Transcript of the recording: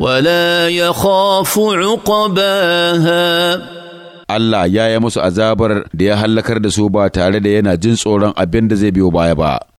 ولا يخاف عقباها Allah ya yi musu azabar da ya hallakar da su ba tare da yana jin tsoron abin da zai biyo baya ba.